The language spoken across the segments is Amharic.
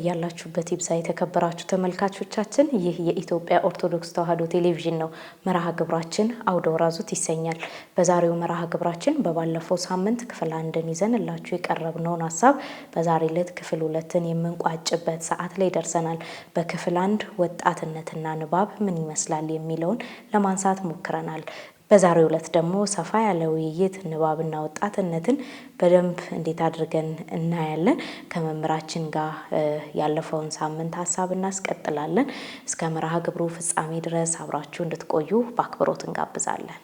በያላችሁበት ይብዛ የተከበራችሁ ተመልካቾቻችን። ይህ የኢትዮጵያ ኦርቶዶክስ ተዋሕዶ ቴሌቪዥን ነው። መርሃ ግብራችን አውደ ወራዙት ይሰኛል። በዛሬው መርሃ ግብራችን በባለፈው ሳምንት ክፍል አንድን ይዘንላችሁ የቀረብነውን ሀሳብ በዛሬ ዕለት ክፍል ሁለትን የምንቋጭበት ሰዓት ላይ ደርሰናል። በክፍል አንድ ወጣትነትና ንባብ ምን ይመስላል የሚለውን ለማንሳት ሞክረናል። በዛሬው ዕለት ደግሞ ሰፋ ያለ ውይይት ንባብና ወጣትነትን በደንብ እንዴት አድርገን እናያለን። ከመምህራችን ጋር ያለፈውን ሳምንት ሀሳብ እናስቀጥላለን። እስከ መርሃ ግብሩ ፍጻሜ ድረስ አብራችሁ እንድትቆዩ በአክብሮት እንጋብዛለን።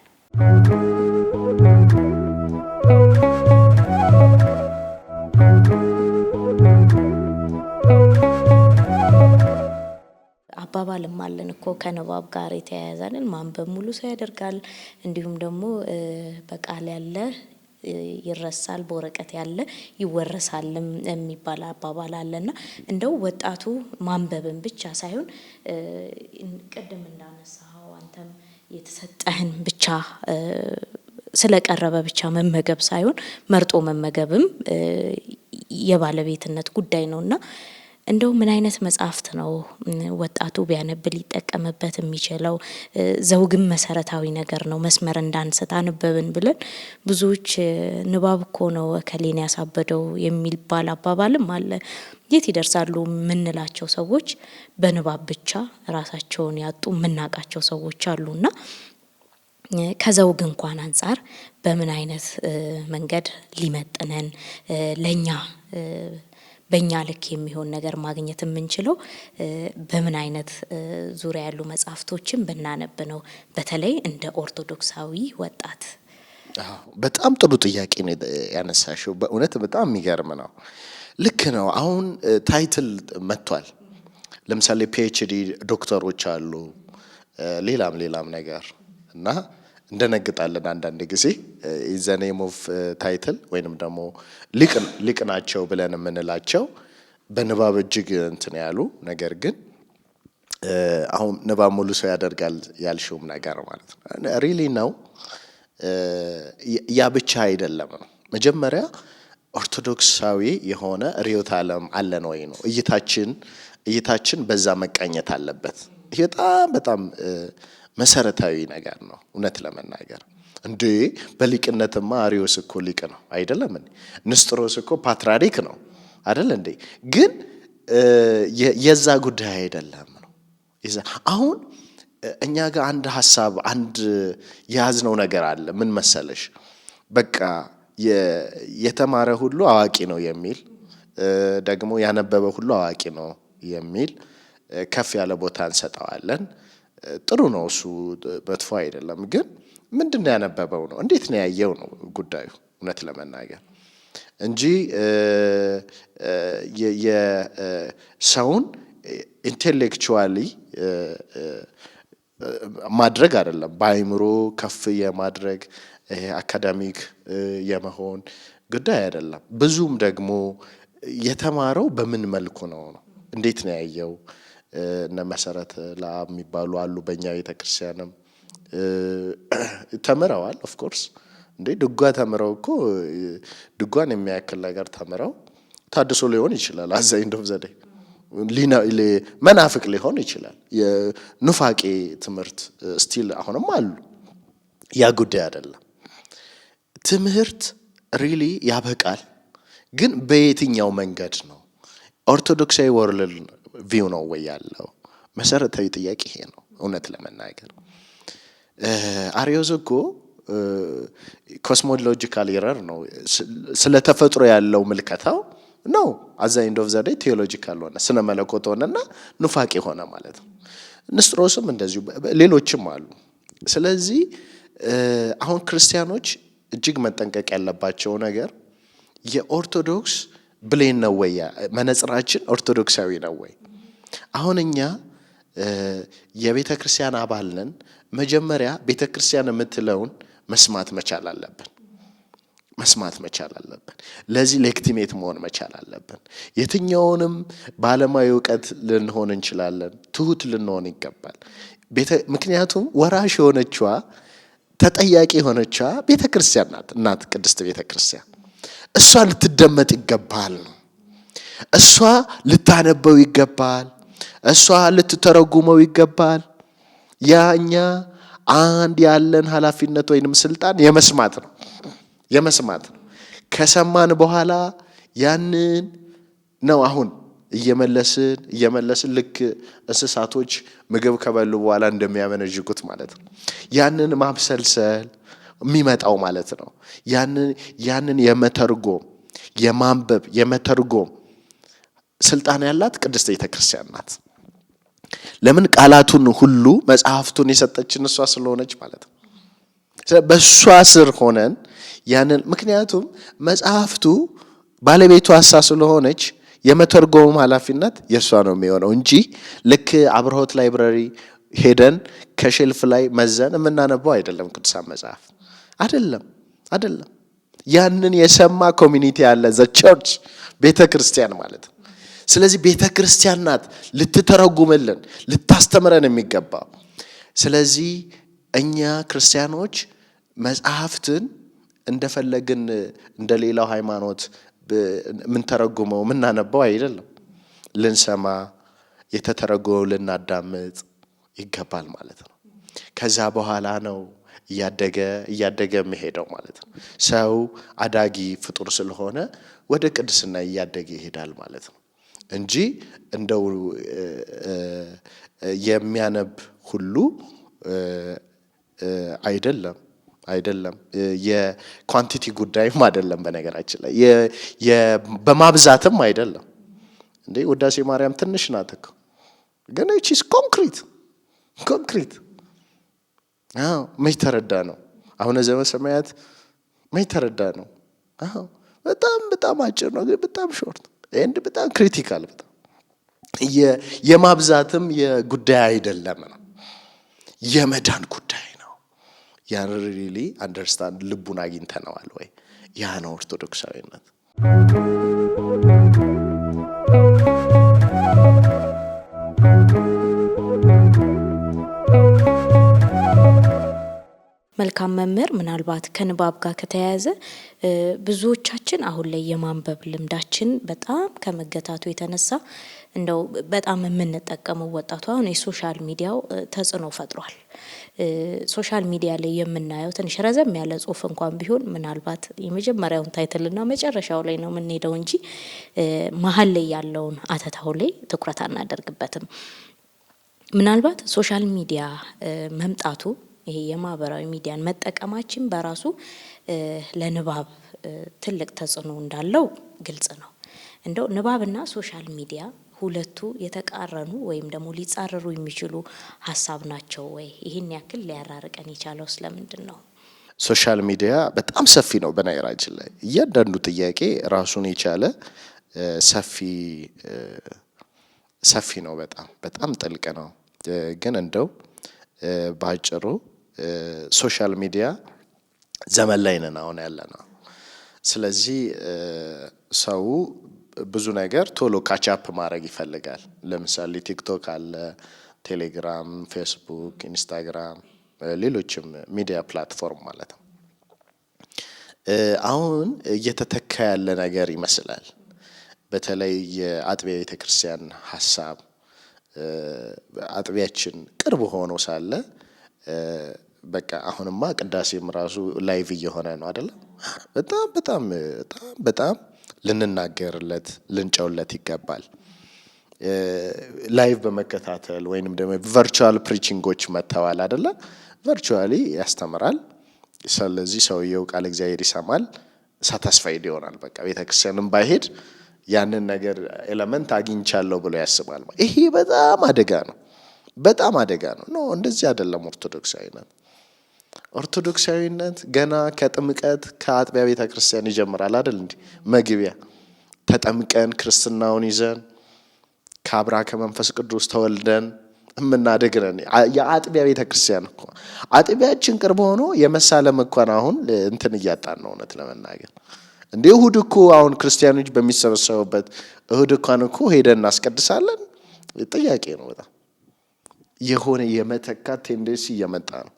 አባባልም አለን እኮ ከንባብ ጋር የተያያዛንን ማንበብ ሙሉ ሰው ያደርጋል። እንዲሁም ደግሞ በቃል ያለ ይረሳል በወረቀት ያለ ይወረሳልም የሚባል አባባል አለ። እንደው ወጣቱ ማንበብን ብቻ ሳይሆን ቅድም እንዳነሳኸው አንተም የተሰጠህን ብቻ ስለቀረበ ብቻ መመገብ ሳይሆን መርጦ መመገብም የባለቤትነት ጉዳይ ነው እና እንደው ምን አይነት መጽሐፍት ነው ወጣቱ ቢያነብ ሊጠቀምበት የሚችለው? ዘውግም መሰረታዊ ነገር ነው። መስመር እንዳንስት አንበብን ብለን ብዙዎች ንባብ እኮ ነው እከሌን ያሳበደው የሚባል አባባልም አለ። የት ይደርሳሉ የምንላቸው ሰዎች በንባብ ብቻ ራሳቸውን ያጡ የምናውቃቸው ሰዎች አሉ እና ከዘውግ እንኳን አንጻር በምን አይነት መንገድ ሊመጥነን ለእኛ በእኛ ልክ የሚሆን ነገር ማግኘት የምንችለው በምን አይነት ዙሪያ ያሉ መጽሐፍቶችን ብናነብ ነው? በተለይ እንደ ኦርቶዶክሳዊ ወጣት። በጣም ጥሩ ጥያቄ ነው ያነሳሽው። በእውነት በጣም የሚገርም ነው። ልክ ነው። አሁን ታይትል መጥቷል። ለምሳሌ ፒኤችዲ ዶክተሮች አሉ፣ ሌላም ሌላም ነገር እና እንደነግጣለን አንዳንድ ጊዜ ኢዘ ኦፍ ታይትል ወይንም ደግሞ ሊቅ ናቸው ብለን የምንላቸው በንባብ እጅግ እንትን ያሉ ነገር ግን አሁን ንባብ ሙሉ ሰው ያደርጋል ያልሽውም ነገር ማለት ነው ሪሊ ነው። ያ ብቻ አይደለም ነው መጀመሪያ ኦርቶዶክሳዊ የሆነ ርዕዮተ ዓለም አለን ወይ ነው እይታችን እይታችን በዛ መቃኘት አለበት። ይህ በጣም በጣም መሰረታዊ ነገር ነው። እውነት ለመናገር እንዴ በሊቅነትማ አሪዮስ እኮ ሊቅ ነው አይደለም? ንስጥሮስ እኮ ፓትራሪክ ነው አደለ እንዴ ግን የዛ ጉዳይ አይደለም ነው። አሁን እኛ ጋር አንድ ሀሳብ አንድ የያዝነው ነገር አለ። ምን መሰለሽ፣ በቃ የተማረ ሁሉ አዋቂ ነው የሚል ደግሞ ያነበበ ሁሉ አዋቂ ነው የሚል ከፍ ያለ ቦታ እንሰጠዋለን። ጥሩ ነው እሱ መጥፎ አይደለም። ግን ምንድን ነው ያነበበው ነው እንዴት ነው ያየው ነው ጉዳዩ እውነት ለመናገር እንጂ የሰውን ኢንቴሌክቹዋሊ ማድረግ አይደለም በአይምሮ ከፍ የማድረግ አካዳሚክ የመሆን ጉዳይ አይደለም። ብዙም ደግሞ የተማረው በምን መልኩ ነው ነው እንዴት ነው ያየው እነ መሰረት ለአብ የሚባሉ አሉ። በእኛ ቤተክርስቲያንም ተምረዋል። ኦፍኮርስ እንዴ ድጓ ተምረው እኮ ድጓን የሚያክል ነገር ተምረው ታድሶ ሊሆን ይችላል። አዛኝ ዶፍ ዘዴ መናፍቅ ሊሆን ይችላል። የኑፋቄ ትምህርት ስቲል አሁንም አሉ። ያ ጉዳይ አይደለም። ትምህርት ሪሊ ያበቃል። ግን በየትኛው መንገድ ነው? ኦርቶዶክሳዊ ወርልድ ቪው ነው ወይ ያለው? መሰረታዊ ጥያቄ ይሄ ነው። እውነት ለመናገር አሪዮዝ እኮ ኮስሞሎጂካል ኤረር ነው ስለ ተፈጥሮ ያለው ምልከታው ነው። አዛይንድ ኦፍ ዘዴ ቴዎሎጂካል ሆነ ስነ መለኮት ሆነና ኑፋቄ ሆነ ማለት ነው። ንስጥሮስም እንደዚሁ ሌሎችም አሉ። ስለዚህ አሁን ክርስቲያኖች እጅግ መጠንቀቅ ያለባቸው ነገር የኦርቶዶክስ ብሌን ነው ወይ? መነጽራችን ኦርቶዶክሳዊ ነው ወይ? አሁን እኛ የቤተ ክርስቲያን አባል ነን። መጀመሪያ ቤተ ክርስቲያን የምትለውን መስማት መቻል አለብን መስማት መቻል አለብን። ለዚህ ሌክቲሜት መሆን መቻል አለብን። የትኛውንም ባለማዊ እውቀት ልንሆን እንችላለን፣ ትሁት ልንሆን ይገባል። ምክንያቱም ወራሽ የሆነችዋ ተጠያቂ የሆነችዋ ቤተ ክርስቲያን ናት እናት ቅድስት ቤተ ክርስቲያን እሷ ልትደመጥ ይገባል። እሷ ልታነበው ይገባል። እሷ ልትተረጉመው ይገባል። ያ እኛ አንድ ያለን ኃላፊነት ወይንም ስልጣን የመስማት ነው የመስማት ነው። ከሰማን በኋላ ያንን ነው አሁን እየመለስን እየመለስን ልክ እንስሳቶች ምግብ ከበሉ በኋላ እንደሚያመነዥጉት ማለት ነው። ያንን ማብሰልሰል የሚመጣው ማለት ነው። ያንን የመተርጎም የማንበብ የመተርጎም ስልጣን ያላት ቅድስት ቤተ ክርስቲያን ናት። ለምን ቃላቱን ሁሉ መጽሐፍቱን የሰጠችን እሷ ስለሆነች ማለት ነው። በእሷ ስር ሆነን ያንን ምክንያቱም መጽሐፍቱ ባለቤቱ አሳ ስለሆነች የመተርጎም ኃላፊነት የእሷ ነው የሚሆነው እንጂ ልክ አብርሆት ላይብረሪ ሄደን ከሼልፍ ላይ መዘን የምናነበው አይደለም ቅዱሳን መጽሐፍ አይደለም አይደለም። ያንን የሰማ ኮሚኒቲ አለ ዘ ቸርች ቤተ ክርስቲያን ማለት ነው። ስለዚህ ቤተ ክርስቲያን ናት ልትተረጉምልን ልታስተምረን የሚገባው። ስለዚህ እኛ ክርስቲያኖች መጽሐፍትን እንደፈለግን እንደ ሌላው ሃይማኖት የምንተረጉመው የምናነበው አይደለም። ልንሰማ የተተረጎመው ልናዳምጥ ይገባል ማለት ነው። ከዛ በኋላ ነው እያደገ እያደገ መሄደው ማለት ነው። ሰው አዳጊ ፍጡር ስለሆነ ወደ ቅድስና እያደገ ይሄዳል ማለት ነው እንጂ እንደው የሚያነብ ሁሉ አይደለም አይደለም። የኳንቲቲ ጉዳይም አይደለም። በነገራችን ላይ በማብዛትም አይደለም። እንዴ ውዳሴ ማርያም ትንሽ ናት እኮ ግን ኮንክሪት ኮንክሪት መች ተረዳ ነው አሁን ሰማያት መች ተረዳ ነው። በጣም በጣም አጭር ነው፣ ግን በጣም ሾርት ኤንድ በጣም ክሪቲካል በጣም የማብዛትም የጉዳይ አይደለም ነው የመዳን ጉዳይ ነው። ያን ሪሊ አንደርስታንድ ልቡን አግኝተነዋል ወይ? ያ ነው ኦርቶዶክሳዊነት። መልካም መምህር ምናልባት ከንባብ ጋር ከተያያዘ ብዙዎቻችን አሁን ላይ የማንበብ ልምዳችን በጣም ከመገታቱ የተነሳ እንደው በጣም የምንጠቀመው ወጣቱ አሁን የሶሻል ሚዲያው ተጽዕኖ ፈጥሯል። ሶሻል ሚዲያ ላይ የምናየው ትንሽ ረዘም ያለ ጽሁፍ እንኳን ቢሆን ምናልባት የመጀመሪያውን ታይትልና መጨረሻው ላይ ነው የምንሄደው እንጂ መሀል ላይ ያለውን አተታው ላይ ትኩረት አናደርግበትም። ምናልባት ሶሻል ሚዲያ መምጣቱ ይሄ የማህበራዊ ሚዲያን መጠቀማችን በራሱ ለንባብ ትልቅ ተጽዕኖ እንዳለው ግልጽ ነው። እንደው ንባብና ሶሻል ሚዲያ ሁለቱ የተቃረኑ ወይም ደግሞ ሊጻረሩ የሚችሉ ሀሳብ ናቸው ወይ? ይህን ያክል ሊያራርቀን የቻለው ስለምንድን ነው? ሶሻል ሚዲያ በጣም ሰፊ ነው። በነገራችን ላይ እያንዳንዱ ጥያቄ ራሱን የቻለ ሰፊ ሰፊ ነው። በጣም በጣም ጥልቅ ነው። ግን እንደው በአጭሩ ሶሻል ሚዲያ ዘመን ላይ ነን አሁን ያለ ነው። ስለዚህ ሰው ብዙ ነገር ቶሎ ካቻፕ ማድረግ ይፈልጋል። ለምሳሌ ቲክቶክ አለ፣ ቴሌግራም፣ ፌስቡክ፣ ኢንስታግራም፣ ሌሎችም ሚዲያ ፕላትፎርም ማለት ነው። አሁን እየተተካ ያለ ነገር ይመስላል። በተለይ የአጥቢያ ቤተ ክርስቲያን ሀሳብ አጥቢያችን ቅርብ ሆኖ ሳለ በቃ አሁንማ ቅዳሴም ራሱ ላይቭ እየሆነ ነው አይደለም። በጣም በጣም በጣም በጣም ልንናገርለት ልንጨውለት ይገባል። ላይቭ በመከታተል ወይንም ደግሞ ቨርቹዋል ፕሪቺንጎች መጥተዋል አይደለ? ቨርቹዋሊ ያስተምራል። ስለዚህ ሰውየው ቃል እግዚአብሔር ይሰማል፣ ሳታስፋይድ ይሆናል። በቃ ቤተክርስቲያንም ባይሄድ ያንን ነገር ኤለመንት አግኝቻለሁ ብሎ ያስባል። ይሄ በጣም አደጋ ነው፣ በጣም አደጋ ነው። ኖ እንደዚህ አይደለም ኦርቶዶክሳዊነት ኦርቶዶክሳዊነት ገና ከጥምቀት ከአጥቢያ ቤተ ክርስቲያን ይጀምራል አይደል? እንዲህ መግቢያ ተጠምቀን ክርስትናውን ይዘን ከአብራ ከመንፈስ ቅዱስ ተወልደን የምናደግነን የአጥቢያ ቤተ ክርስቲያን እኮ አጥቢያችን ቅርብ ሆኖ የመሳለም እኳን አሁን እንትን እያጣን ነው። እውነት ለመናገር እንደ እሁድ እኮ አሁን ክርስቲያኖች በሚሰበሰቡበት እሁድ እኳን እኮ ሄደን እናስቀድሳለን። ጥያቄ ነው። በጣም የሆነ የመተካት ቴንደንሲ እየመጣ ነው።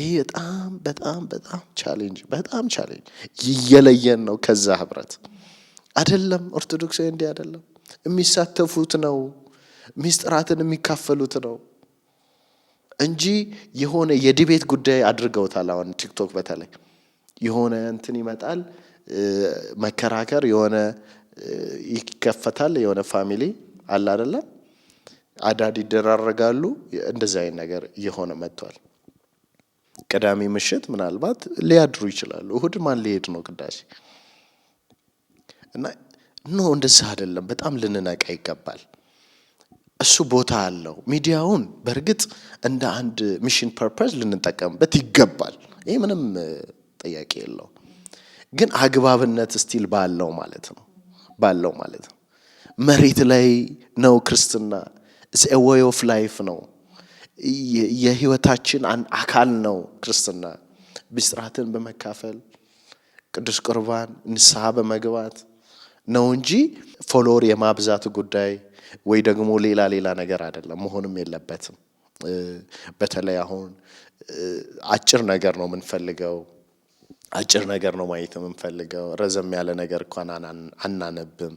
ይሄ በጣም በጣም በጣም ቻሌንጅ በጣም ቻሌንጅ እየለየን ነው ከዛ ህብረት አደለም። ኦርቶዶክሳዊ እንዲህ አደለም። የሚሳተፉት ነው ሚስጥራትን የሚካፈሉት ነው እንጂ የሆነ የዲቤት ጉዳይ አድርገውታል። አሁን ቲክቶክ በተለይ የሆነ እንትን ይመጣል መከራከር የሆነ ይከፈታል። የሆነ ፋሚሊ አለ አደለም፣ አዳድ ይደራረጋሉ። እንደዚ አይነት ነገር እየሆነ መጥቷል። ቅዳሜ ምሽት ምናልባት ሊያድሩ ይችላሉ። እሁድ ማን ሊሄድ ነው ቅዳሴ? እና ኖ እንደዚህ አይደለም። በጣም ልንነቃ ይገባል። እሱ ቦታ አለው። ሚዲያውን በእርግጥ እንደ አንድ ሚሽን ፐርፐስ ልንጠቀምበት ይገባል። ይህ ምንም ጥያቄ የለው። ግን አግባብነት ስቲል ባለው ማለት ነው ባለው ማለት ነው። መሬት ላይ ነው ክርስትና፣ ዌይ ኦፍ ላይፍ ነው። የህይወታችን አካል ነው ክርስትና። ብስራትን በመካፈል ቅዱስ ቁርባን ንስሐ በመግባት ነው እንጂ ፎሎወር የማብዛት ጉዳይ ወይ ደግሞ ሌላ ሌላ ነገር አይደለም፣ መሆንም የለበትም። በተለይ አሁን አጭር ነገር ነው የምንፈልገው፣ አጭር ነገር ነው ማየት የምንፈልገው። ረዘም ያለ ነገር እንኳን አናነብም።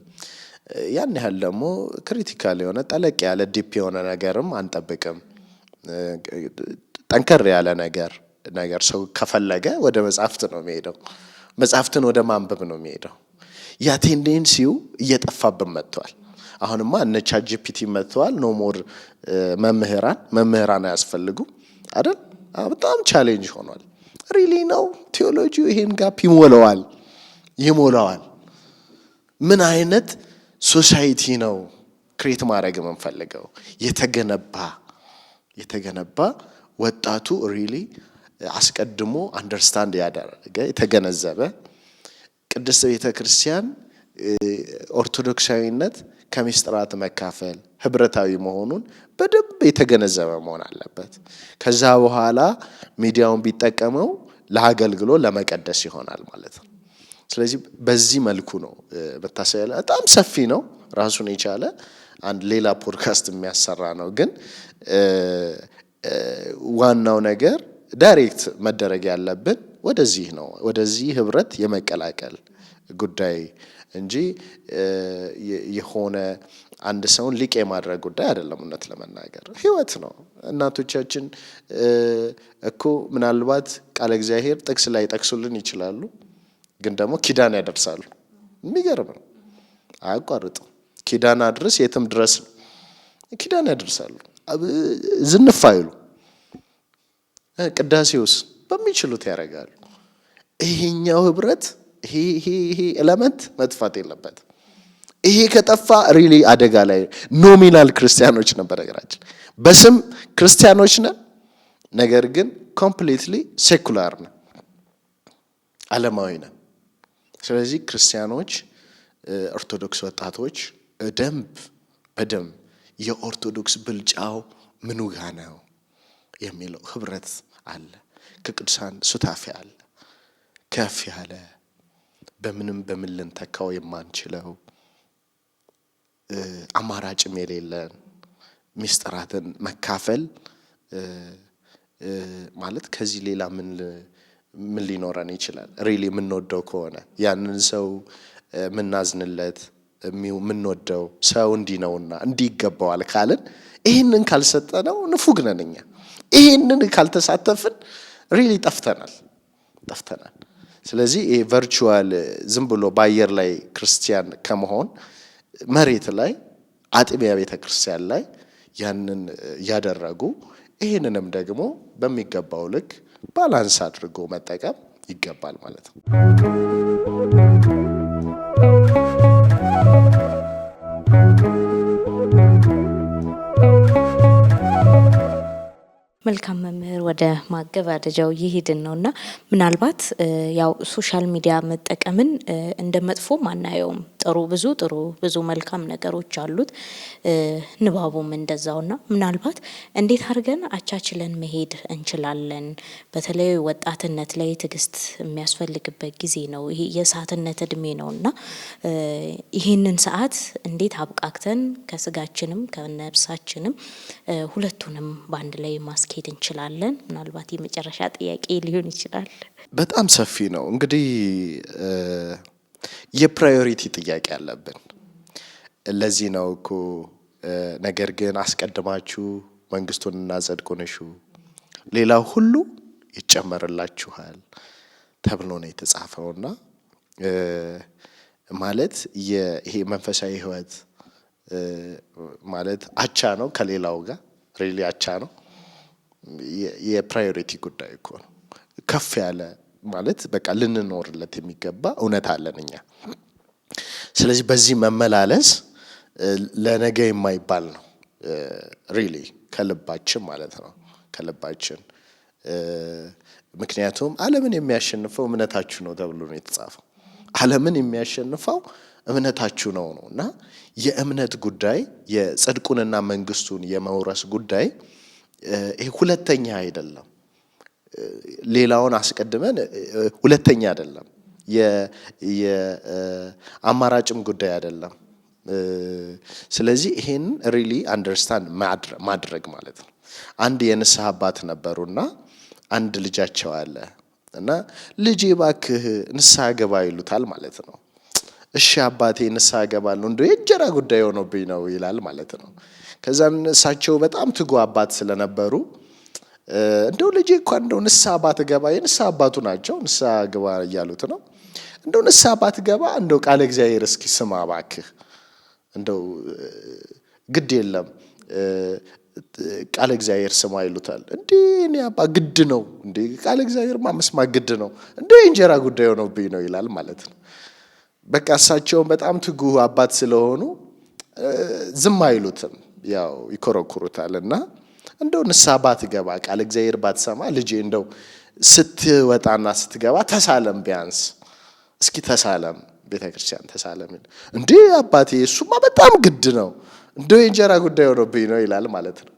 ያን ያህል ደግሞ ክሪቲካል የሆነ ጠለቅ ያለ ዲፕ የሆነ ነገርም አንጠብቅም። ጠንከር ያለ ነገር ነገር ሰው ከፈለገ ወደ መጽሐፍት ነው የሚሄደው። መጽሐፍትን ወደ ማንበብ ነው የሚሄደው። ያ ቴንዴንሲው እየጠፋብን መጥተዋል። አሁንማ እነ ቻት ጂፒቲ መጥተዋል። ኖሞር መምህራን መምህራን አያስፈልጉም አይደል? በጣም ቻሌንጅ ሆኗል። ሪሊ ነው ቴዎሎጂው ይሄን ጋፕ ይሞላዋል ይሞላዋል። ምን አይነት ሶሳይቲ ነው ክሬት ማድረግ የምንፈልገው የተገነባ የተገነባ ወጣቱ ሪሊ አስቀድሞ አንደርስታንድ ያደረገ የተገነዘበ ቅድስት ቤተ ክርስቲያን ኦርቶዶክሳዊነት ከሚስጥራት መካፈል ህብረታዊ መሆኑን በደንብ የተገነዘበ መሆን አለበት። ከዛ በኋላ ሚዲያውን ቢጠቀመው ለአገልግሎ ለመቀደስ ይሆናል ማለት ነው። ስለዚህ በዚህ መልኩ ነው መታሰቢያ። በጣም ሰፊ ነው ራሱን የቻለ አንድ ሌላ ፖድካስት የሚያሰራ ነው ግን ዋናው ነገር ዳይሬክት መደረግ ያለብን ወደዚህ ነው፣ ወደዚህ ህብረት የመቀላቀል ጉዳይ እንጂ የሆነ አንድ ሰውን ሊቅ የማድረግ ጉዳይ አይደለም። እውነት ለመናገር ህይወት ነው። እናቶቻችን እኮ ምናልባት ቃለ እግዚአብሔር ጥቅስ ላይ ጠቅሱልን ይችላሉ፣ ግን ደግሞ ኪዳን ያደርሳሉ። የሚገርም ነው። አያቋርጥም። ኪዳን አድርስ የትም ድረስ ነው። ኪዳን ያደርሳሉ። ዝንፍ አይሉ። ቅዳሴውስ በሚችሉት ያደርጋሉ። ይሄኛው ህብረት ይሄ ኤለመንት መጥፋት የለበት ይሄ ከጠፋ ሪሊ አደጋ ላይ ኖሚናል ክርስቲያኖች ነበር ነገራችን። በስም ክርስቲያኖች ነን፣ ነገር ግን ኮምፕሊትሊ ሴኩላር ነን፣ አለማዊ ነን። ስለዚህ ክርስቲያኖች ኦርቶዶክስ ወጣቶች ደንብ በደንብ የኦርቶዶክስ ብልጫው ምኑ ጋ ነው የሚለው ህብረት አለ። ከቅዱሳን ሱታፌ አለ ከፍ ያለ በምንም በምን ልንተካው የማንችለው አማራጭም የሌለን ሚስጥራትን መካፈል ማለት ከዚህ ሌላ ምን ምን ሊኖረን ይችላል? ሪሊ የምንወደው ከሆነ ያንን ሰው ምናዝንለት የምንወደው ሰው እንዲህ ነውና እንዲህ ይገባዋል ካልን ይህንን ካልሰጠነው ንፉግ ነን እኛ። ይህንን ካልተሳተፍን ሪሊ ጠፍተናል ጠፍተናል። ስለዚህ ይሄ ቨርቹዋል ዝም ብሎ በአየር ላይ ክርስቲያን ከመሆን መሬት ላይ አጥቢያ ቤተ ክርስቲያን ላይ ያንን እያደረጉ ይህንንም ደግሞ በሚገባው ልክ ባላንስ አድርጎ መጠቀም ይገባል ማለት ነው። መልካም መምህር ወደ ማገባደጃው ይሄድን ነው እና ምናልባት ያው ሶሻል ሚዲያ መጠቀምን እንደ መጥፎም አናየውም። ጥሩ ብዙ ጥሩ ብዙ መልካም ነገሮች አሉት። ንባቡም እንደዛው እና ምናልባት እንዴት አድርገን አቻችለን መሄድ እንችላለን? በተለይ ወጣትነት ላይ ትዕግስት የሚያስፈልግበት ጊዜ ነው። ይሄ የሰዓትነት እድሜ ነው እና ይህንን ሰዓት እንዴት አብቃክተን ከስጋችንም ከነብሳችንም ሁለቱንም በአንድ ላይ ማስኬ መሄድ እንችላለን? ምናልባት የመጨረሻ ጥያቄ ሊሆን ይችላል። በጣም ሰፊ ነው እንግዲህ የፕራዮሪቲ ጥያቄ አለብን። ለዚህ ነው እኮ ነገር ግን አስቀድማችሁ መንግስቱን እናጸድቁን እሹ ሌላው ሁሉ ይጨመርላችኋል ተብሎ ነው የተጻፈውና ማለት ይሄ መንፈሳዊ ህይወት ማለት አቻ ነው ከሌላው ጋር ሪሊ አቻ ነው። የፕራዮሪቲ ጉዳይ እኮ ነው። ከፍ ያለ ማለት በቃ ልንኖርለት የሚገባ እውነት አለን እኛ። ስለዚህ በዚህ መመላለስ ለነገ የማይባል ነው ሪሊ ከልባችን ማለት ነው ከልባችን ምክንያቱም ዓለምን የሚያሸንፈው እምነታችሁ ነው ተብሎ ነው የተጻፈው። ዓለምን የሚያሸንፈው እምነታችሁ ነው ነው እና የእምነት ጉዳይ የጽድቁንና መንግስቱን የመውረስ ጉዳይ ይሄ ሁለተኛ አይደለም። ሌላውን አስቀድመን ሁለተኛ አይደለም። የአማራጭም ጉዳይ አይደለም። ስለዚህ ይሄን ሪሊ አንደርስታንድ ማድረግ ማለት ነው። አንድ የንስሐ አባት ነበሩና አንድ ልጃቸው አለ እና ልጄ እባክህ ንስሐ ገባ ይሉታል ማለት ነው። እሺ አባቴ ንስሐ ገባለሁ፣ እንደ የእንጀራ ጉዳይ ሆኖብኝ ነው ይላል ማለት ነው። ከዛን እሳቸው በጣም ትጉ አባት ስለነበሩ እንደው ልጄ እኳ እንደው ንስሐ ባትገባ የንስሐ አባቱ ናቸው፣ ንስሐ ግባ እያሉት ነው። እንደው ንስሐ ባትገባ እንደው ቃለ እግዚአብሔር እስኪ ስማ እባክህ፣ እንደው ግድ የለም ቃለ እግዚአብሔር ስማ ይሉታል። እንዴ እኔ አባ ግድ ነው እንዴ? ቃለ እግዚአብሔርማ መስማ ግድ ነው እንዴ? እንጀራ ጉዳይ ሆኖብኝ ነው ይላል ማለት ነው። በቃ እሳቸውን በጣም ትጉህ አባት ስለሆኑ ዝም አይሉትም። ያው ይኮረኩሩታል እና እንደው ንስሐ ባትገባ ቃል እግዚአብሔር ባትሰማ ልጄ እንደው ስትወጣና ስትገባ ተሳለም፣ ቢያንስ እስኪ ተሳለም፣ ቤተ ክርስቲያን ተሳለም። እንዴ አባቴ እሱማ በጣም ግድ ነው እንደው የእንጀራ ጉዳይ ሆኖብኝ ነው ይላል ማለት ነው።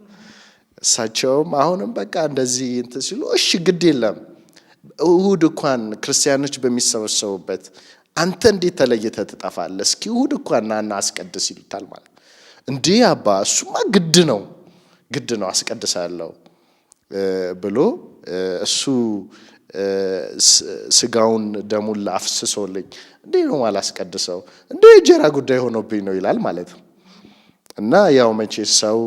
እሳቸውም አሁንም በቃ እንደዚህ እንትን ሲሉ እሺ ግድ የለም እሁድ እንኳን ክርስቲያኖች በሚሰበሰቡበት አንተ እንዴት ተለይተ ትጠፋለ እስኪ እሁድ እንኳን ናና አስቀድስ ይሉታል ማለት እንዲህ አባ እሱማ ግድ ነው ግድ ነው አስቀድሳለሁ ብሎ እሱ ስጋውን ደሙን አፍስሶልኝ እንዴ ነው አላስቀድሰው እንደ የእንጀራ ጉዳይ ሆኖብኝ ነው ይላል ማለት ነው። እና ያው መቼ ሰው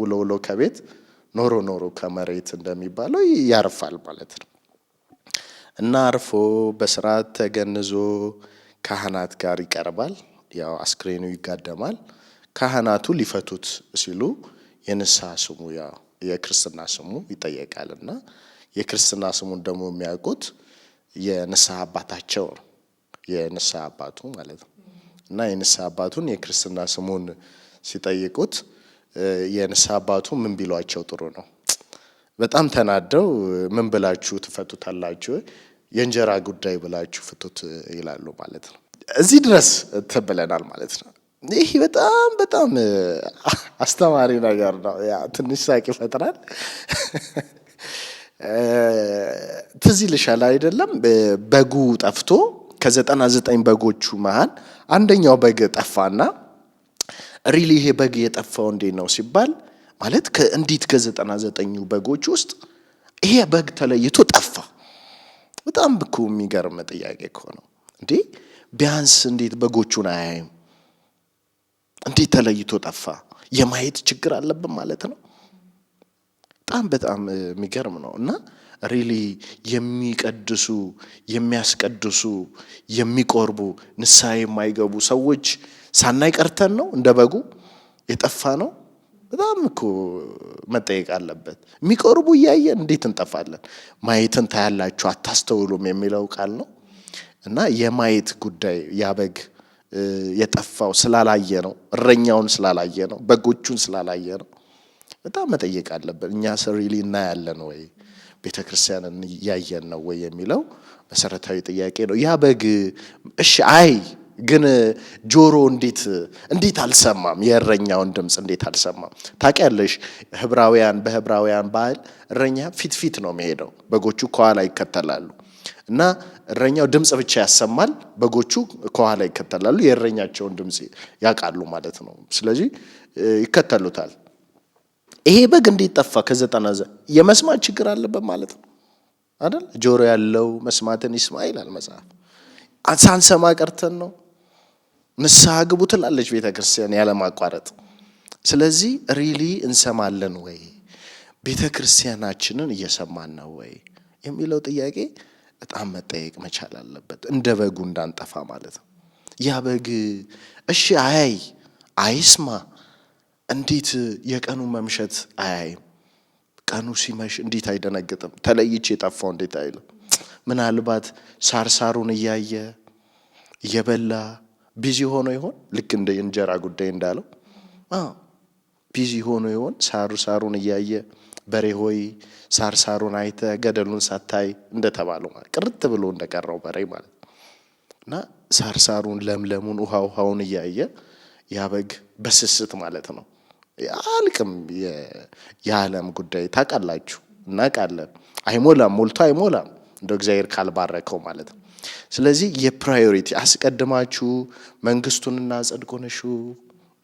ውሎ ውሎ ከቤት ኖሮ ኖሮ ከመሬት እንደሚባለው ያርፋል ማለት ነው። እና አርፎ በስርዓት ተገንዞ ካህናት ጋር ይቀርባል። ያው አስክሬኑ ይጋደማል። ካህናቱ ሊፈቱት ሲሉ የንስሐ ስሙ የክርስትና ስሙ ይጠየቃል እና የክርስትና ስሙን ደግሞ የሚያውቁት የንስሐ አባታቸው ነው። የንስሐ አባቱ ማለት ነው እና የንስሐ አባቱን የክርስትና ስሙን ሲጠይቁት የንስሐ አባቱ ምን ቢሏቸው ጥሩ ነው? በጣም ተናደው ምን ብላችሁ ትፈቱታላችሁ? የእንጀራ ጉዳይ ብላችሁ ፍቱት ይላሉ ማለት ነው። እዚህ ድረስ ትብለናል ማለት ነው። ይህ በጣም በጣም አስተማሪ ነገር ነው። ትንሽ ሳቅ ይፈጥራል። ትዝ ይልሻል አይደለም? በጉ ጠፍቶ ከዘጠና ዘጠኝ በጎቹ መሀል አንደኛው በግ ጠፋና ሪሊ ይሄ በግ የጠፋው እንዴት ነው ሲባል ማለት እንዴት ከዘጠና ዘጠኙ በጎች ውስጥ ይሄ በግ ተለይቶ ጠፋ? በጣም ብኩ የሚገርም ጥያቄ ከሆነው እንዴ! ቢያንስ እንዴት በጎቹን አያይም? እንዴት ተለይቶ ጠፋ? የማየት ችግር አለብን ማለት ነው። በጣም በጣም የሚገርም ነው እና ሪሊ የሚቀድሱ የሚያስቀድሱ የሚቆርቡ ንስሐ የማይገቡ ሰዎች ሳናይ ቀርተን ነው እንደ በጉ የጠፋ ነው። በጣም እኮ መጠየቅ አለበት። የሚቆርቡ እያየን እንዴት እንጠፋለን? ማየትን ታያላችሁ አታስተውሉም የሚለው ቃል ነው እና የማየት ጉዳይ ያበግ የጠፋው ስላላየ ነው። እረኛውን ስላላየ ነው። በጎቹን ስላላየ ነው። በጣም መጠየቅ አለብን። እኛ ሰሪሊ እናያለን ወይ ቤተ ክርስቲያንን እያየን ነው ወይ የሚለው መሰረታዊ ጥያቄ ነው። ያ በግ እሺ፣ አይ ግን ጆሮ እንዴት እንዴት አልሰማም? የእረኛውን ድምፅ እንዴት አልሰማም? ታውቂያለሽ፣ ህብራውያን በህብራውያን ባህል እረኛ ፊት ፊት ነው የሚሄደው፣ በጎቹ ከኋላ ይከተላሉ። እና እረኛው ድምፅ ብቻ ያሰማል፣ በጎቹ ከኋላ ይከተላሉ። የእረኛቸውን ድምፅ ያውቃሉ ማለት ነው። ስለዚህ ይከተሉታል። ይሄ በግ እንዲጠፋ ከዘጠና የመስማት ችግር አለበት ማለት ነው አይደል? ጆሮ ያለው መስማትን ይስማ ይላል መጽሐፍ። ሳንሰማ ቀርተን ነው። ንስሐ ግቡ ትላለች ቤተ ክርስቲያን ያለማቋረጥ። ስለዚህ ሪሊ እንሰማለን ወይ? ቤተ ክርስቲያናችንን እየሰማን ነው ወይ የሚለው ጥያቄ በጣም መጠየቅ መቻል አለበት። እንደ በጉ እንዳንጠፋ ማለት ነው። ያ በግ እሺ አያይ አይስማ፣ እንዴት የቀኑ መምሸት አያይም? ቀኑ ሲመሽ እንዴት አይደነግጥም? ተለይቼ የጠፋው እንዴት አይልም? ምናልባት ሳርሳሩን እያየ እየበላ ቢዚ ሆኖ ይሆን? ልክ እንደ እንጀራ ጉዳይ እንዳለው ቢዚ ሆኖ ይሆን? ሳሩ ሳሩን እያየ በሬ ሆይ ሳርሳሩን አይተ ገደሉን ሳታይ እንደተባለው ማለት ቅርት ብሎ እንደቀረው በሬ ማለት እና ሳርሳሩን ለምለሙን ውሃ ውሃውን እያየ ያ በግ በስስት ማለት ነው። አልቅም የዓለም ጉዳይ ታውቃላችሁ፣ እናውቃለን። አይሞላም፣ ሞልቶ አይሞላም እንደ እግዚአብሔር ካልባረከው ማለት ነው። ስለዚህ የፕራዮሪቲ አስቀድማችሁ መንግስቱንና ጽድቁን ሹ፣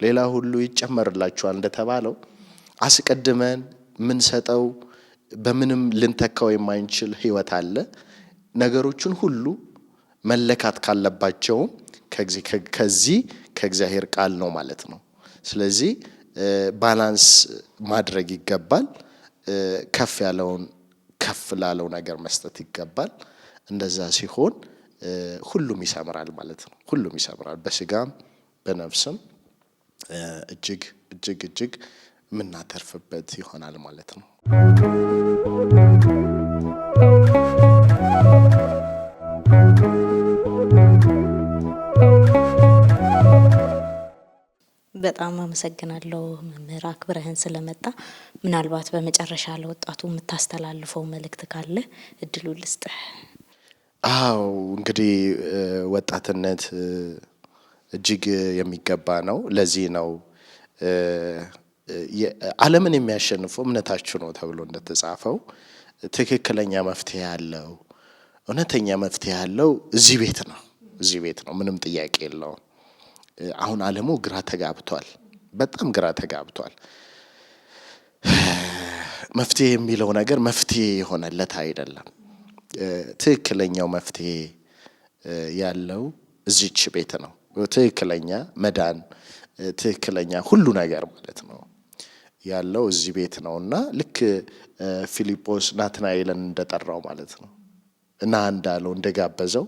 ሌላ ሁሉ ይጨመርላችኋል እንደተባለው አስቀድመን ምንሰጠው በምንም ልንተካው የማንችል ህይወት አለ። ነገሮቹን ሁሉ መለካት ካለባቸውም ከዚህ ከእግዚአብሔር ቃል ነው ማለት ነው። ስለዚህ ባላንስ ማድረግ ይገባል። ከፍ ያለውን ከፍ ላለው ነገር መስጠት ይገባል። እንደዛ ሲሆን ሁሉም ይሰምራል ማለት ነው። ሁሉም ይሰምራል በስጋም በነፍስም እጅግ እጅግ እጅግ የምናተርፍበት ይሆናል ማለት ነው። በጣም አመሰግናለሁ መምህር አክብረህን ስለመጣ። ምናልባት በመጨረሻ ለወጣቱ የምታስተላልፈው መልእክት ካለ እድሉ ልስጥህ። አዎ እንግዲህ ወጣትነት እጅግ የሚገባ ነው። ለዚህ ነው ዓለምን የሚያሸንፈው እምነታችሁ ነው ተብሎ እንደተጻፈው ትክክለኛ መፍትሄ ያለው እውነተኛ መፍትሄ ያለው እዚህ ቤት ነው፣ እዚህ ቤት ነው። ምንም ጥያቄ የለውም። አሁን ዓለሙ ግራ ተጋብቷል፣ በጣም ግራ ተጋብቷል። መፍትሄ የሚለው ነገር መፍትሄ የሆነለት አይደለም። ትክክለኛው መፍትሄ ያለው እዚች ቤት ነው። ትክክለኛ መዳን፣ ትክክለኛ ሁሉ ነገር ማለት ነው። ያለው እዚህ ቤት ነው እና ልክ ፊልጶስ ናትናኤልን እንደጠራው ማለት ነው እና እንዳለው እንደጋበዘው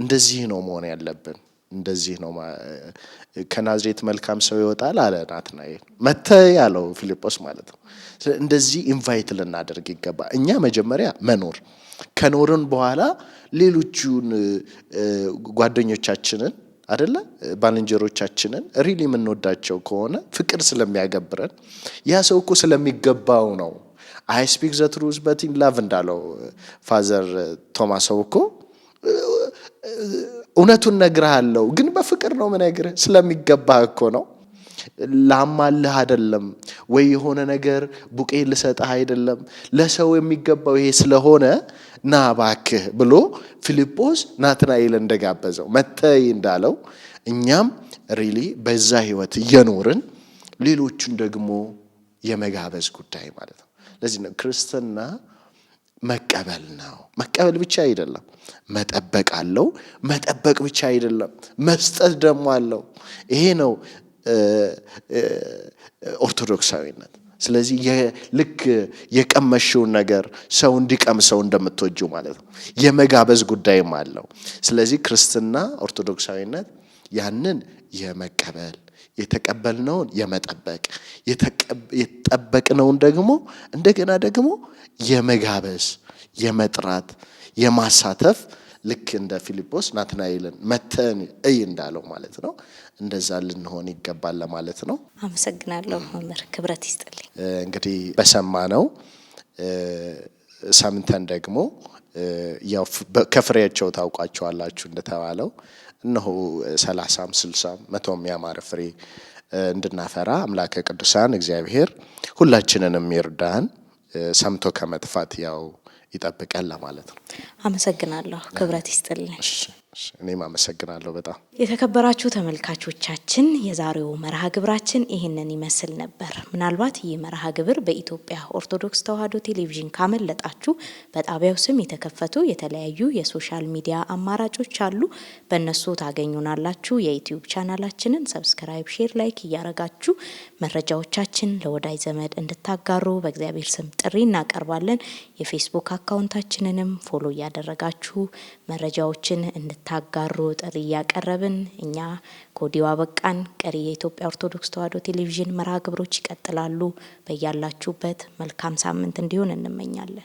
እንደዚህ ነው መሆን ያለብን። እንደዚህ ነው ከናዝሬት መልካም ሰው ይወጣል አለ ናትናኤል። መተ ያለው ፊልጶስ ማለት ነው። እንደዚህ ኢንቫይት ልናደርግ ይገባ። እኛ መጀመሪያ መኖር ከኖርን በኋላ ሌሎቹን ጓደኞቻችንን አደለ ባልንጀሮቻችንን ሪሊ የምንወዳቸው ከሆነ ፍቅር ስለሚያገብረን ያ ሰው እኮ ስለሚገባው ነው። አይ ስፒክ ዘ ትሩዝ በቲን ላቭ እንዳለው ፋዘር ቶማስ እኮ እውነቱን ነግረሃለው፣ ግን በፍቅር ነው ምነግርህ፣ ስለሚገባህ እኮ ነው። ላማልህ አይደለም ወይ የሆነ ነገር ቡቄ ልሰጠህ አይደለም። ለሰው የሚገባው ይሄ ስለሆነ ና ብሎ ፊልጶስ ናትናኤል እንደጋበዘው መተይ እንዳለው እኛም ሪሊ በዛ ህይወት እየኖርን ሌሎቹን ደግሞ የመጋበዝ ጉዳይ ማለት ነው። ለዚህ ነው ክርስትና መቀበል ነው። መቀበል ብቻ አይደለም፣ መጠበቅ አለው። መጠበቅ ብቻ አይደለም፣ መስጠት ደግሞ አለው። ይሄ ነው ኦርቶዶክሳዊነት። ስለዚህ ልክ የቀመሽውን ነገር ሰው እንዲቀምሰው እንደምትወጁ ማለት ነው። የመጋበዝ ጉዳይም አለው። ስለዚህ ክርስትና ኦርቶዶክሳዊነት ያንን የመቀበል የተቀበልነውን የመጠበቅ የጠበቅነውን ደግሞ እንደገና ደግሞ የመጋበዝ የመጥራት የማሳተፍ ልክ እንደ ፊልጶስ ናትናኤልን መተን እይ እንዳለው ማለት ነው። እንደዛ ልንሆን ይገባል ለማለት ነው። አመሰግናለሁ መምህር፣ ክብረት ይስጥልኝ። እንግዲህ በሰማነው ሰምተን ደግሞ ከፍሬያቸው ታውቋቸዋላችሁ እንደተባለው እነሆ ሰላሳም ስልሳም መቶም ያማረ ፍሬ እንድናፈራ አምላከ ቅዱሳን እግዚአብሔር ሁላችንንም ይርዳን። ሰምቶ ከመጥፋት ያው ይጠብቀን ለማለት ነው። አመሰግናለሁ። ክብረት ይስጥልኝ። እኔም አመሰግናለሁ በጣም የተከበራችሁ ተመልካቾቻችን፣ የዛሬው መርሃ ግብራችን ይህንን ይመስል ነበር። ምናልባት ይህ መርሃ ግብር በኢትዮጵያ ኦርቶዶክስ ተዋሕዶ ቴሌቪዥን ካመለጣችሁ በጣቢያው ስም የተከፈቱ የተለያዩ የሶሻል ሚዲያ አማራጮች አሉ። በእነሱ ታገኙናላችሁ። የዩትዩብ ቻናላችንን ሰብስክራይብ፣ ሼር፣ ላይክ እያረጋችሁ መረጃዎቻችን ለወዳጅ ዘመድ እንድታጋሩ በእግዚአብሔር ስም ጥሪ እናቀርባለን። የፌስቡክ አካውንታችንንም ፎሎ እያደረጋችሁ መረጃዎችን እንድታጋሩ ጥሪ እያቀረብን እኛ ከወዲሁ አበቃን። ቀሪ የኢትዮጵያ ኦርቶዶክስ ተዋሕዶ ቴሌቪዥን መርሃ ግብሮች ይቀጥላሉ። በያላችሁበት መልካም ሳምንት እንዲሆን እንመኛለን።